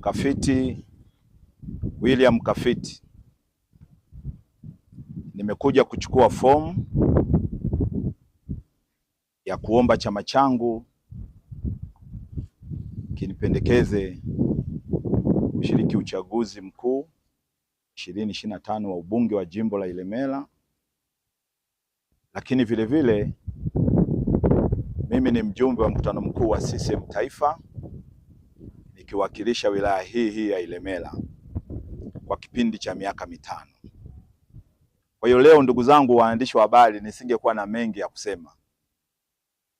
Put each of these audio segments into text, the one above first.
Mkafiti William kafiti nimekuja kuchukua fomu ya kuomba chama changu kinipendekeze kushiriki uchaguzi mkuu ishirini na tano wa ubunge wa jimbo la Ilemela, lakini vilevile vile, mimi ni mjumbe wa mkutano mkuu wa CCM Taifa nikiwakilisha wilaya hii hii ya Ilemela kwa kipindi cha miaka mitano. Kwa hiyo leo, ndugu zangu waandishi wa habari, nisingekuwa na mengi ya kusema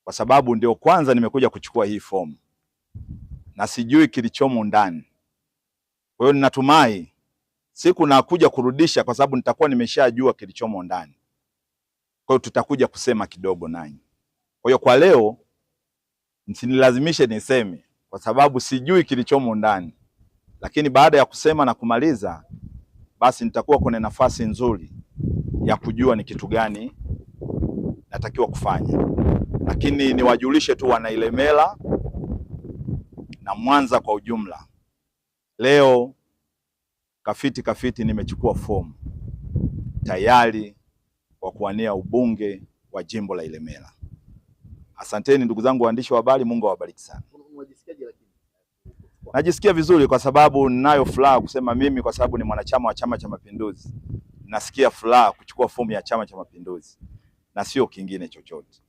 kwa sababu ndio kwanza nimekuja kuchukua hii fomu na sijui kilichomo ndani. Kwa hiyo ninatumai siku nakuja kurudisha, kwa sababu nitakuwa nimeshajua kilichomo ndani. Kwa hiyo tutakuja kusema kidogo nanyi. Kwa hiyo kwa leo msinilazimishe niseme kwa sababu sijui kilichomo ndani, lakini baada ya kusema na kumaliza, basi nitakuwa kwenye nafasi nzuri ya kujua ni kitu gani natakiwa kufanya. Lakini niwajulishe tu Wanailemela na Mwanza kwa ujumla, leo Kafiti Kafiti nimechukua fomu tayari kwa kuwania ubunge wa jimbo la Ilemela. Asanteni ndugu zangu waandishi wa habari, Mungu awabariki sana. Najisikia vizuri kwa sababu ninayo furaha kusema mimi, kwa sababu ni mwanachama wa Chama cha Mapinduzi, nasikia furaha kuchukua fomu ya Chama cha Mapinduzi na sio kingine chochote.